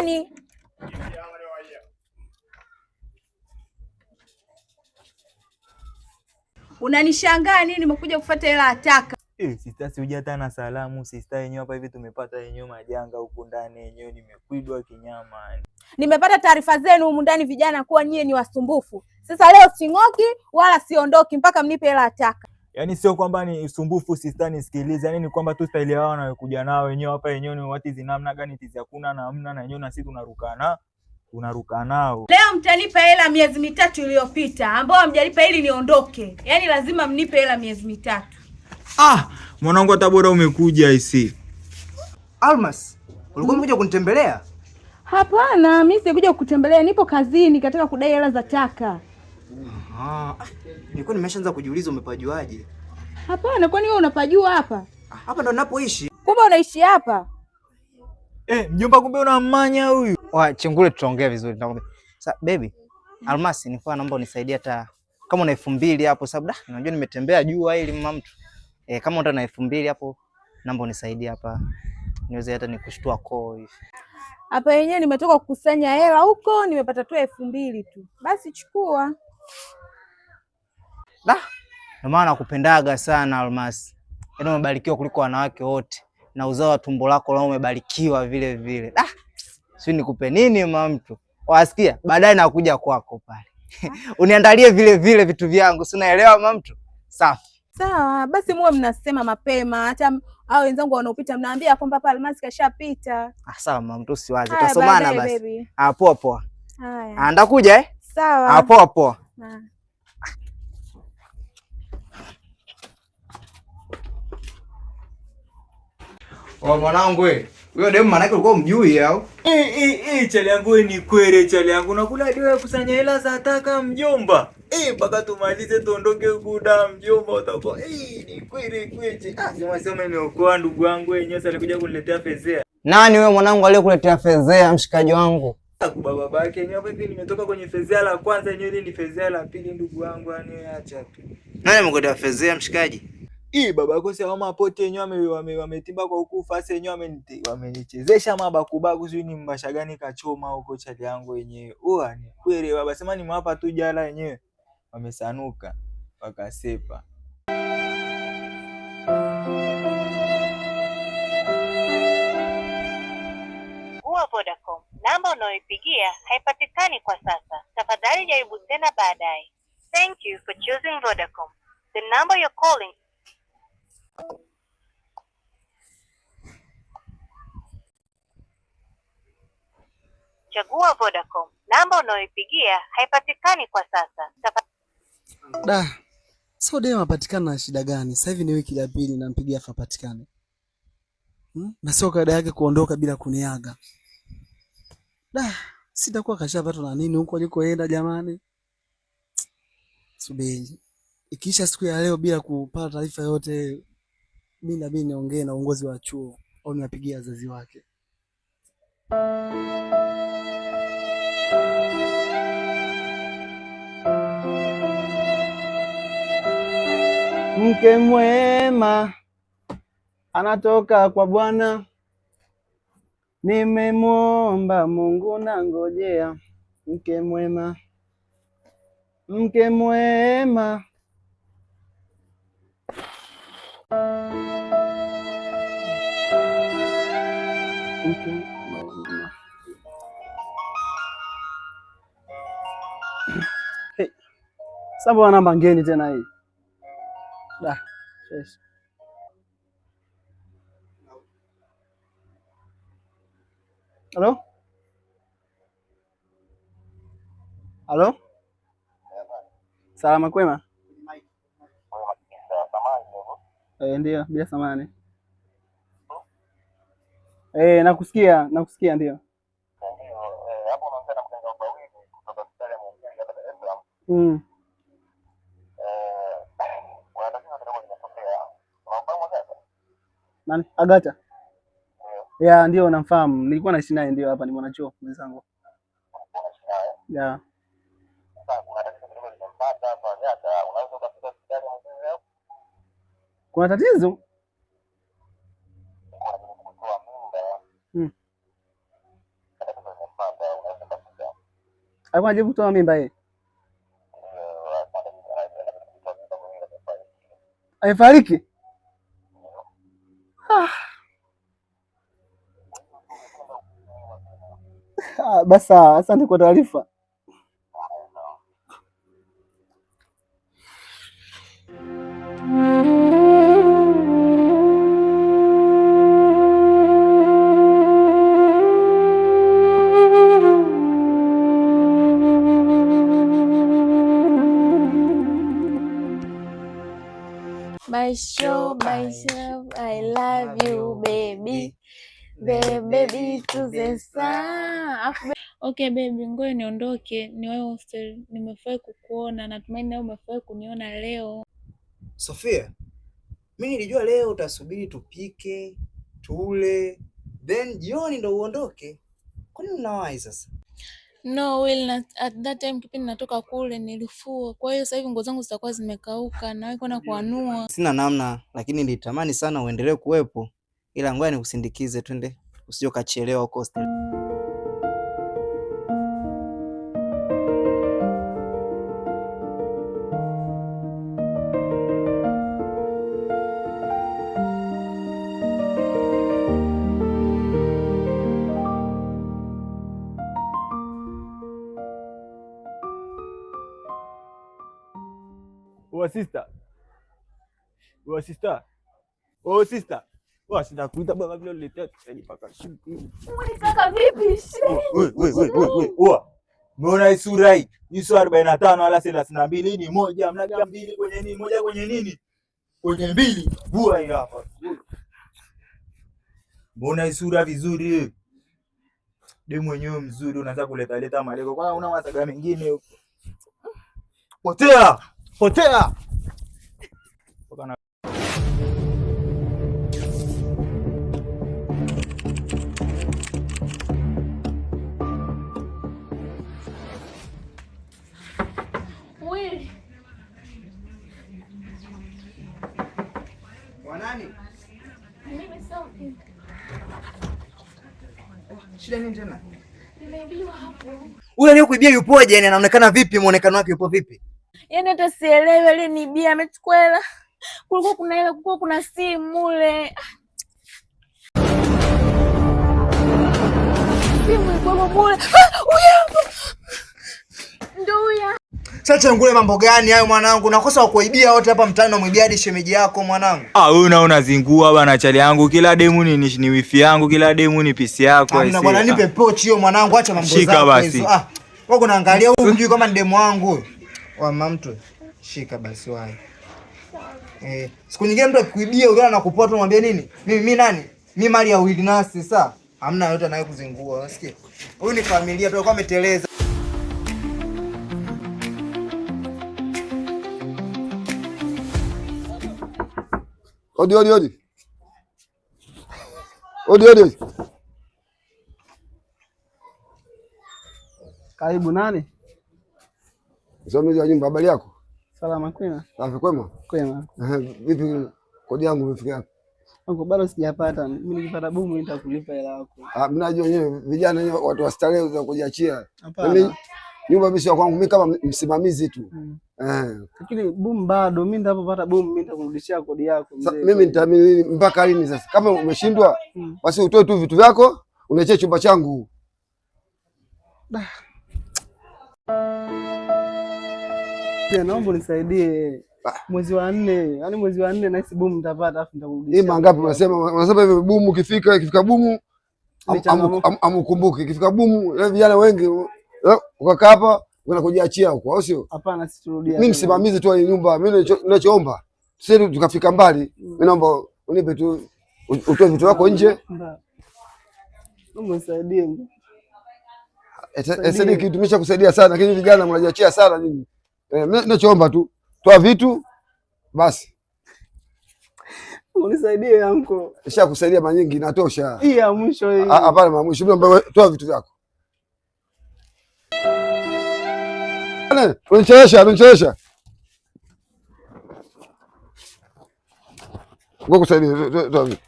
gani? Unanishangaa nini? Nimekuja kufuata hela ataka Hey, eh, sista siuja hata na salamu sista. Yenyewe hapa hivi tumepata yenyewe majanga huku ndani, yenyewe nimekwidwa kinyama. Nimepata taarifa zenu humu ndani vijana, kuwa nyie ni wasumbufu. Sasa leo sing'oki wala siondoki mpaka mnipe hela ataka yani sio kwamba ni usumbufu sistani nisikilize, yani ni kwamba tu staili yao wanayokuja nao wenyewe hapa yenyewe ni wati zinamna gani tizi hakuna namna na yenyewe na sisi tunarukana tunaruka nao. Leo mtanipa hela miezi mitatu iliyopita ambao hamjalipa ili niondoke, yani lazima mnipe hela miezi mitatu. Ah, mwanangu hata bora umekuja isi. Almas, ulikuwa umekuja kunitembelea? Hapana, mimi sikuja kukutembelea, nipo kazini, katika kudai hela za taka Aha. Nilikuwa nimeshaanza kujiuliza umepajuaje? Hapana, kwani wewe unapajua hapa? Hapa ndo ninapoishi. Kumbe unaishi hapa? Eh, mjomba kumbe unamanya huyu. Wa chengule tutaongea vizuri. Sasa baby, Almasi nilikuwa naomba unisaidie hata kama una elfu mbili hapo sababu da, unajua nimetembea jua ili mama mtu. Eh, kama una elfu mbili hapo naomba unisaidie hapa. Niweze hata nikushtua koo hivi. Hapa yenyewe nimetoka kukusanya hela huko, nimepata tu elfu mbili tu. Basi chukua. Ndio maana nakupendaga sana Almasi, yaani umebarikiwa kuliko wanawake wote, na uzao wa tumbo lako lao umebarikiwa vile vile. Da, si nikupe nini mama mtu, wasikia? Baadaye nakuja kwako pale ah. uniandalie vile vile vitu vyangu, si unaelewa mama mtu? Safi, sawa basi, muwe mnasema mapema, hata hao wenzangu wanaopita mnaambia kwamba hapa Almasi kashapita. Ah, sawa mama mtu, usiwaze, tutasomana basi. Ah, poa poa. Haya, ah, ndakuja eh? Sawa. Ah, poa poa. Ah. Oh, mwanangu wewe. Huyo demu manake ulikuwa umjui au? Eh, eh, eh, chali yangu ni kwere chali yangu. Nakula dio ya kusanya hela za taka mjomba. Eh, mpaka tumalize tuondoke kuda mjomba utakuwa. Eh, ni kwere kweche. Ah, sema nimeokoa ndugu yangu wewe nyosa alikuja kuniletea fezea. Nani wewe mwanangu aliyekuletea fezea mshikaji wangu? Kwa baba yake ni hapo hivi nimetoka kwenye fezea la kwanza yenyewe hili ni fezea la pili ndugu yangu yani acha tu. Nani amekuletea fezea mshikaji? Ii baba yako si homa pote yenyewe wame, wametimba kwa huku fasi yenyewe wamenichezesha wame mabakubaku sijui ni mbasha gani kachoma huko chali yangu yenyewe. Uwa ni kweli baba sema nimewapa tu jala yenyewe. Wamesanuka wakasepa. Uwa Vodacom. Namba unayoipigia haipatikani kwa sasa. Tafadhali jaribu tena baadaye. Thank you for choosing Vodacom. The number you're calling. Chagua Vodacom. Namba unayoipigia haipatikani kwa sasa. Da. So dema patikana na shida gani? Sasa hivi ni wiki ya pili nampigia hapatikani. Hmm? Na sio kawaida yake kuondoka bila kuniaga. Da, sitakuwa kashapatwa na nini huko alikoenda jamani. Subiri. Ikiisha siku ya leo bila kupata taarifa yote, mimi nabidi niongee na uongozi wa chuo au niwapigie wazazi wake. Mke mwema anatoka kwa Bwana. Nimemwomba Mungu na ngojea mke mwema, mke mwema. Mke wana mbangeni ngeni tena hii da Halo, halo, salama kwema? Eh, ndio bila samani. Eh, nakusikia nakusikia, ndio mm. Nani Agata? ya ndio namfahamu. Nilikuwa naishi naye ndio hapa ni mwanachuo mwenzangu. Ya. Kuna tatizo? Hmm. Alikuwa anajibu kutoa mimba yeye. Amefariki? Ah, basa, asante kwa taarifa. My show, my show, I love you, baby. baby to the Alafu okay baby, ngoja niondoke wewe hostel. Nimefurahi kukuona, natumaini nawe umefurahi kuniona leo. Sofia, mi nilijua leo utasubiri tupike tule, then jioni ndo uondoke. Kwa nini unawahi sasa? No Will, at that time kipindi natoka kule nilifua, kwa hiyo sasa hivi nguo zangu zitakuwa zimekauka, wewe kwenda kuanua. Sina namna, lakini nilitamani sana uendelee kuwepo, ila ngoja nikusindikize, twende usije ukachelewa huko hostel. Oh sister. Oh sister. Oh sister. Oh sister kuita baba vile uniletea kisha nipaka shuku. Mimi kaka vipi? Oh, wewe wewe wewe. Umeona 45 wala 32 ni moja, mnaga mbili kwenye nini? Moja kwenye nini? Kwenye mbili. Vua hiyo hapa. Mbona hii sura vizuri? Demu mwenyewe mzuri unaanza kuleta leta maleko. Kwa una masaga mengine huko. Potea. Potea. Huyo aliyokuibia yupoje? Yani anaonekana vipi? Muonekano wake yupo vipi? yani hata sielewi alinibia, amechukua hela, kulikuwa kuna hela, kulikuwa kuna simu mule, simu ilikuwa mule. Ah, Ndio huyo. Sasa ngule mambo gani hayo mwanangu? Nakosa kuibia wote hapa mtaani, namwibia hadi shemeji yako mwanangu. Ah, wewe unaona zingua bwana, chali yangu, kila demu ni, ni, ni wifi yangu, kila demu ni pisi yako. Ah, bwana, nipe pochi hiyo mwanangu, acha mambo zako hizo. Ah, wewe unaangalia huyu, mjui kama ni demu wangu wama mtu shika basi wahi. Eh, siku nyingine mtu akikuibia uliona na kupoa tu mwambie nini? Mimi mi nani? mi mali ya Wilnasi saa. Hamna yote naye kuzingua, unasikia? Huyu ni familia tu, kwa umeteleza. Odi odi odi. Odi odi. Karibu nani? msimamizi wa nyumba, habari yako? Salama, kwema. Safi, kwema? Kwema. Eh, Vipi kodi yangu imefika hapo? Wangu bado sijapata. Mimi nikipata bomu nitakulipa hela yako. Ah, mnajua wenyewe vijana wenyewe watu wa starehe za kujiachia. Mimi nyumba mimi sio kwangu, mimi kama msimamizi tu. Eh. Lakini bomu bado mimi nitapopata bomu mimi nitakurudishia kodi yako mzee. Mimi nitaamini nini mpaka lini sasa? Kama umeshindwa hmm. basi utoe tu vitu vyako, unachia chumba changu. Pia naomba unisaidie ah. mwezi wa nne, yani mwezi wa nne na nahisi bumu nitapata, afu nitakurudisha. Hii mangapi unasema? Unasema hivyo bumu ukifika ikifika bumu amukumbuke, ikifika bumu leo yaani vijana wengi eh, ukakaa hapa unakujiachia huko, au sio? Hapana, sisi turudia. Mimi msimamizi tu wa nyumba, mimi ninachoomba sisi tukafika mbali, mm. mimi naomba unipe tu utoe vitu vyako nje. Unisaidie. Sasa kitu nimeshakusaidia sana, lakini vijana mnajiachia sana nyinyi. Eh, nachoomba tu toa vitu basi. Unisaidie amko. Nisha kusaidia mara nyingi natosha. Hii ya mwisho hii. Ah, hapana, mama mwisho mbona toa vitu vyako. Unanichelesha, unanichelesha. Ngoja kusaidia toa vitu.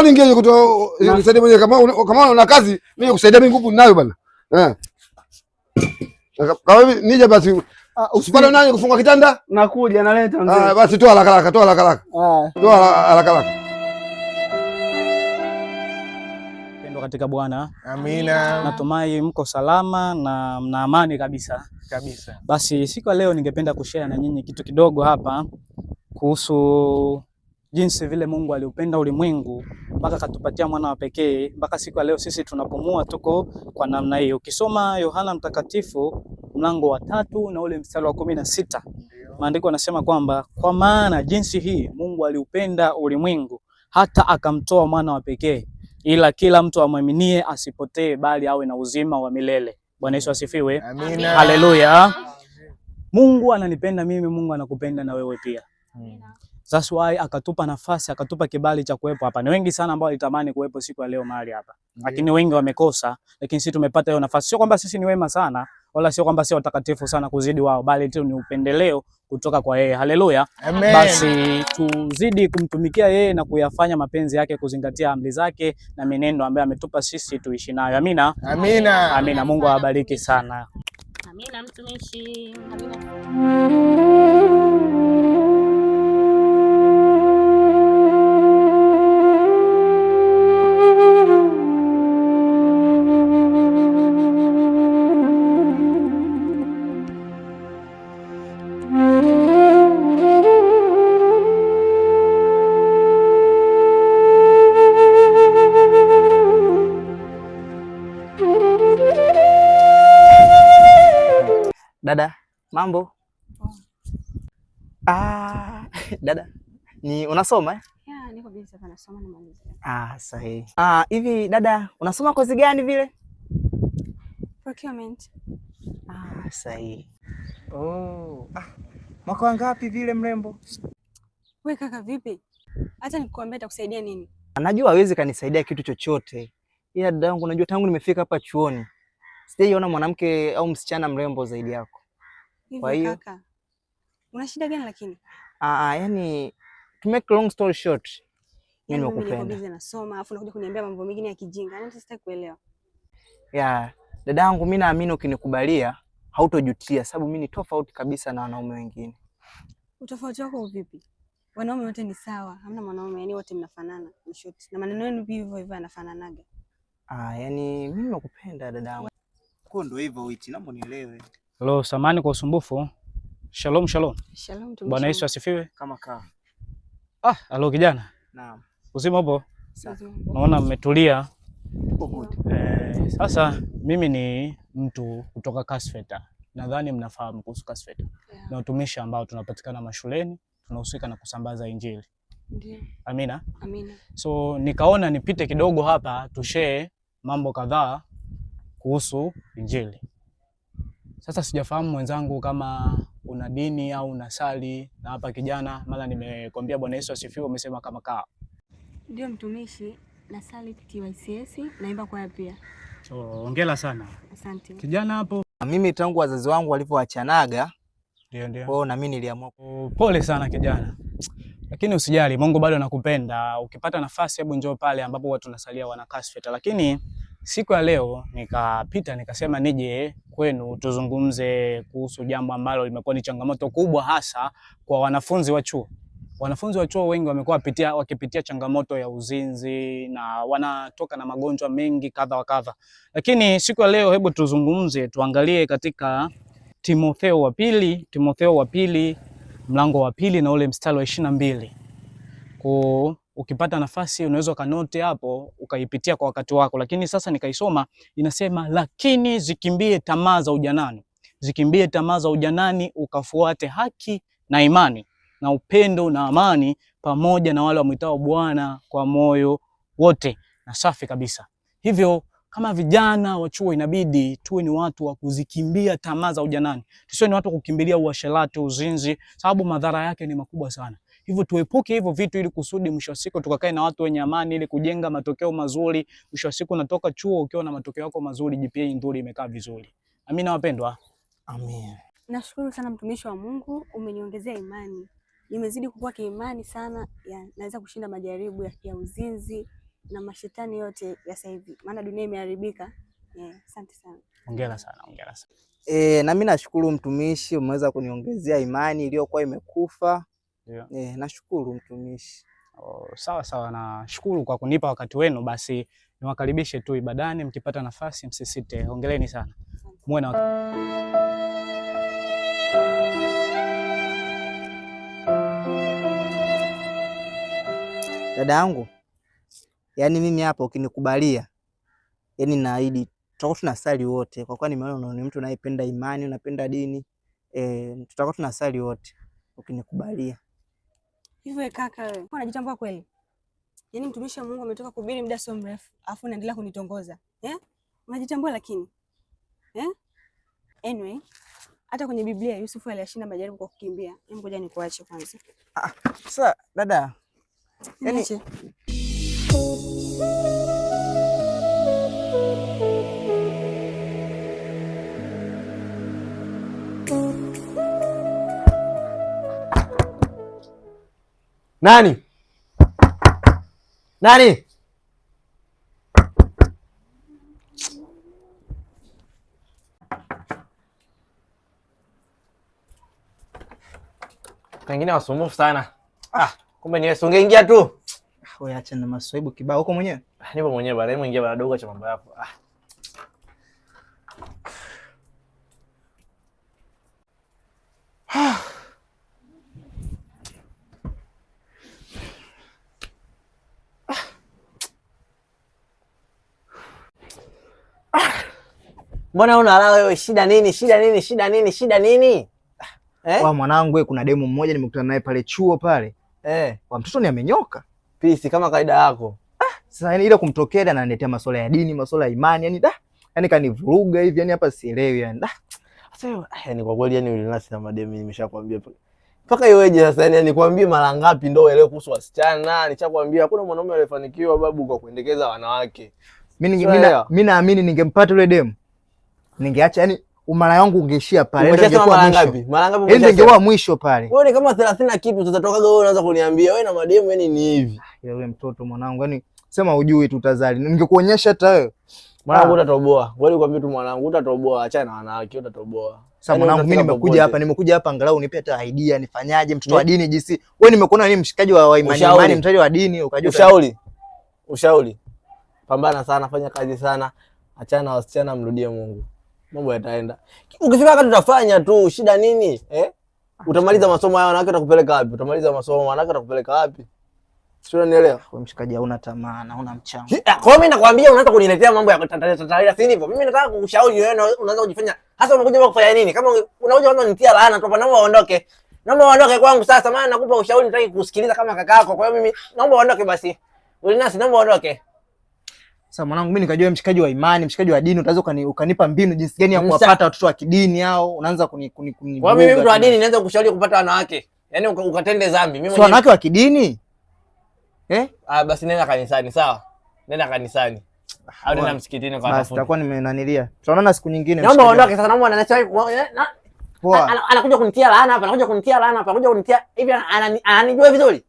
au kama kama una kazi, mimi kusaidia mimi nguvu ninayo Eh. Kama nije basi ah, usipale nani kufunga kitanda? Nakuja naleta ah, mzee. Ah, basi toa haraka haraka, toa haraka haraka. Ah. Toa haraka haraka. Katika Bwana. Amina. Natumai mko salama na mna amani kabisa kabisa. Basi siku ya leo ningependa kushare na nyinyi kitu kidogo hapa kuhusu jinsi vile Mungu aliupenda ulimwengu mpaka akatupatia mwana wa pekee, mpaka siku ya leo sisi tunapumua tuko kwa namna hiyo. Ukisoma Yohana Mtakatifu mlango wa tatu na ule mstari wa kumi na sita maandiko yanasema kwamba kwa maana jinsi hii Mungu aliupenda ulimwengu hata akamtoa mwana wa pekee, ila kila mtu amwaminie asipotee, bali awe na uzima wa milele. Bwana Yesu asifiwe, amina, haleluya. Mungu ananipenda mimi, Mungu anakupenda na wewe pia, amina. That's why akatupa nafasi, akatupa kibali cha kuwepo hapa. Ni wengi sana ambao walitamani kuwepo siku ya leo mahali hapa. Yeah. Lakini wengi wamekosa, lakini sisi tumepata hiyo nafasi. Sio kwamba sisi ni wema sana wala sio kwamba sio watakatifu sana kuzidi wao, bali tu ni upendeleo kutoka kwa yeye. Haleluya! Basi tuzidi kumtumikia yeye na kuyafanya mapenzi yake, kuzingatia amri zake na menendo ambayo ametupa sisi tuishi nayo. Amina, amina, amina. Mungu awabariki sana. Amina mtumishi, amina. Mambo oh. Ah, dada ni unasoma eh? Yeah, Ah, sahihi. Ah, hivi dada unasoma kozi gani vile? Procurement. Ah, sahihi. Oh. Ah, mwaka wangapi vile mrembo? Wewe kaka vipi? Hata nikwambia nitakusaidia nini? Najua hawezi kanisaidia kitu chochote, ila dada yangu, najua tangu nimefika hapa chuoni sijaiona mwanamke au msichana mrembo zaidi yako. Kwa hiyo una shida gani lakini? Ah, ah, yani to make long story short, mimi nimekupenda. Mimi nasoma afu unakuja kuniambia mambo mengine ya kijinga. Yaani sitaki kuelewa. Ya, dadangu mimi naamini ukinikubalia hautojutia sababu mimi ni tofauti kabisa na wanaume wengine. Utofauti wako vipi? Wanaume wote ni sawa, hamna mwanaume yani wote mnafanana in short. na maneno yenu pia hivyo hivyo yanafananaga. Ah, yani mimi nimekupenda dadangu. Kwa ndo hivyo uiti, naomba nielewe. Halo, samani kwa usumbufu. Shalom, shalom. Shalom, Bwana Yesu asifiwe. Kama ka. Ah, halo kijana. Naam. Uzima upo? Naona mmetulia. Eh, sasa mimi ni mtu kutoka Kasfeta. Nadhani mnafahamu kuhusu Kasfeta. Yeah. Na utumishi ambao tunapatikana mashuleni, tunahusika na kusambaza Injili. Ndiyo. Amina. Amina. So nikaona nipite kidogo hapa tushare mambo kadhaa kuhusu Injili. Sasa sijafahamu mwenzangu, kama una dini au unasali. Na hapa kijana, mara nimekwambia Bwana Yesu asifiwe, umesema kama kaa. Ndio mtumishi, nasali TYCS, naimba kwaya pia. Hongera sana. Asante. Kijana hapo. Mimi tangu wazazi wangu walipoachanaga ndio ndio. Kwao na mimi niliamua. Oh, pole sana kijana. Lakini usijali, Mungu bado anakupenda. Ukipata nafasi, hebu njoo pale ambapo watu nasalia wana kasfeta. Lakini Siku ya leo nikapita nikasema nije kwenu tuzungumze kuhusu jambo ambalo limekuwa ni changamoto kubwa hasa kwa wanafunzi wa chuo. Wanafunzi wa chuo wengi wamekuwa wakipitia changamoto ya uzinzi na wanatoka na magonjwa mengi kadha wa kadha, lakini siku ya leo, hebu tuzungumze, tuangalie katika Timotheo wa pili, Timotheo wa pili mlango wa pili na ule mstari wa ishirini na mbili ukipata nafasi unaweza ukanote hapo ukaipitia kwa wakati wako, lakini sasa nikaisoma inasema, lakini zikimbie tamaa za ujanani, zikimbie tamaa za ujanani, ukafuate haki na imani na upendo na amani, pamoja na wale wamwitao Bwana kwa moyo wote. Na safi kabisa. Hivyo kama vijana wa chuo inabidi tuwe ni watu wa kuzikimbia tamaa za ujanani, tusiwe ni watu wa kukimbilia uasherati, uzinzi, sababu madhara yake ni makubwa sana. Hivyo tuepuke hivyo vitu, ili kusudi mwisho wa siku tukakae na watu wenye amani, ili kujenga matokeo mazuri. Mwisho wa siku natoka chuo ukiwa na matokeo yako mazuri, GPA nzuri, imekaa vizuri. Amina wapendwa, amin. Nashukuru sana mtumishi wa Mungu, umeniongezea imani, nimezidi kukua kiimani sana, ya, naweza kushinda majaribu ya, ya uzinzi na mashetani yote ya sasa hivi, maana dunia imeharibika. Asante yeah, sana. Hongera sana, hongera sana. E, na mimi nashukuru mtumishi, umeweza kuniongezea imani iliyokuwa imekufa yeah. E, nashukuru mtumishi. Oh, sawa sawa, nashukuru kwa kunipa wakati wenu. Basi niwakaribishe tu ibadani, mkipata nafasi msisite. Hongereni sana, muwe na dada yangu. Yaani mimi hapa ukinikubalia, yaani naahidi tutakuwa tunasali wote, kwa kuwa nimeona ni mtu unayependa imani, unapenda dini e, tutakuwa tunasali wote ukinikubalia. Hivyo kaka wewe, unajitambua kweli? Yaani mtumishi wa Mungu ametoka kuhubiri muda sio mrefu, afu unaendelea kunitongoza. Eh? Unajitambua lakini. Eh? Anyway, hata kwenye Biblia Yusufu aliyashinda majaribu kwa kukimbia. Hebu ngoja nikuache kwanza. Ah, sasa dada. Yaani Nani? Nani? Wengine wasumbufu sana. Ah, kumbe niwe ungeingia tu. Ah, wewe acha na maswaibu kibao huko mwenyewe. Ah, nipo mwenyewe bana, hebu ingia bana dogo cha mambo yako. Ah. mbona unalala wewe? Shida nini? Shida nini? Shida nini? Shida nini? Eh? Kwa mwanangu, kuna demu mmoja nimekutana naye pale chuo pale. Eh, kwa mtoto ni amenyoka. Pisi kama kaida yako. Ah, sasa yani ile kumtokea na ananiletea masuala ya dini, masuala ya imani, yani da. Yani kanivuruga hivi, yani hapa sielewi yani. Da. Sasa ah, yani kwa kweli yani ulinasi na mademu nimeshakwambia mpaka iweje sasa? Yani nikwambie mara ngapi ndio uelewe kuhusu wasichana? Nichakwambia hakuna mwanaume aliyefanikiwa babu kwa kuendekeza wanawake. Mimi mimi naamini ningempata yule demu ningeacha yani umara wangu ungeishia pale, ningekuwa yaani yaani mwisho pale. Wewe ni kama 30 na kitu tutatoka leo, unaanza kuniambia wewe na mademu yani ni hivi. Yule ah, mtoto mwanangu, yani sema ujui tutazali, ningekuonyesha hata wewe mwanangu, ah. utatoboa wewe. Nikwambia tu mwanangu, utatoboa, acha na wanawake, utatoboa. Sasa yaani mwanangu, mimi nimekuja hapa, nimekuja hapa angalau nipe hata idea, nifanyaje? Mtoto wa dini jinsi wewe, nimekuona ni mshikaji wa imani imani, mtoto wa dini, ukajua ushauri, ushauri, pambana sana, fanya kazi sana, achana na wasichana, mrudie Mungu mambo yataenda. Ukifika wakati utafanya tu, shida nini eh? Ah, Utamaliza masomo haya wanawake utakupeleka wapi? Utamaliza masomo wanawake utakupeleka wapi? Sio, mshikaji, hauna tamaa na mchango. Ah, kwa hiyo mimi nakwambia unaanza kuniletea mambo ya si Mimi nataka kukushauri wewe, unaanza kujifanya unakuja kufanya nini? Kama unakuja kwanza unitia laana tu naomba uondoke, naomba uondoke kwangu sasa, maana nakupa ushauri, nitaki kusikiliza kama Kwa hiyo mimi naomba uondoke basi, ulinasi, naomba uondoke. Sasa mwanangu, mimi nikajua mshikaji wa imani, mshikaji wa dini, utaweza ukanipa mbinu jinsi gani ya kuwapata watoto wa kidini hao, unaanza kuni kuni kuni. Kwa mimi mtu wa dini naanza kushauri kupata wanawake, yani ukatende dhambi. Mimi so wanawake wa kidini eh, ah, basi nenda kanisani, sawa, nenda kanisani au nenda msikitini kwa wanafunzi. tutakuwa nimenanilia, tutaonana siku nyingine. Naomba ondoke sasa, naomba anachai eh, poa, anakuja kunitia laana hapa, anakuja kunitia laana hapa, anakuja kunitia hivi, ananijua vizuri.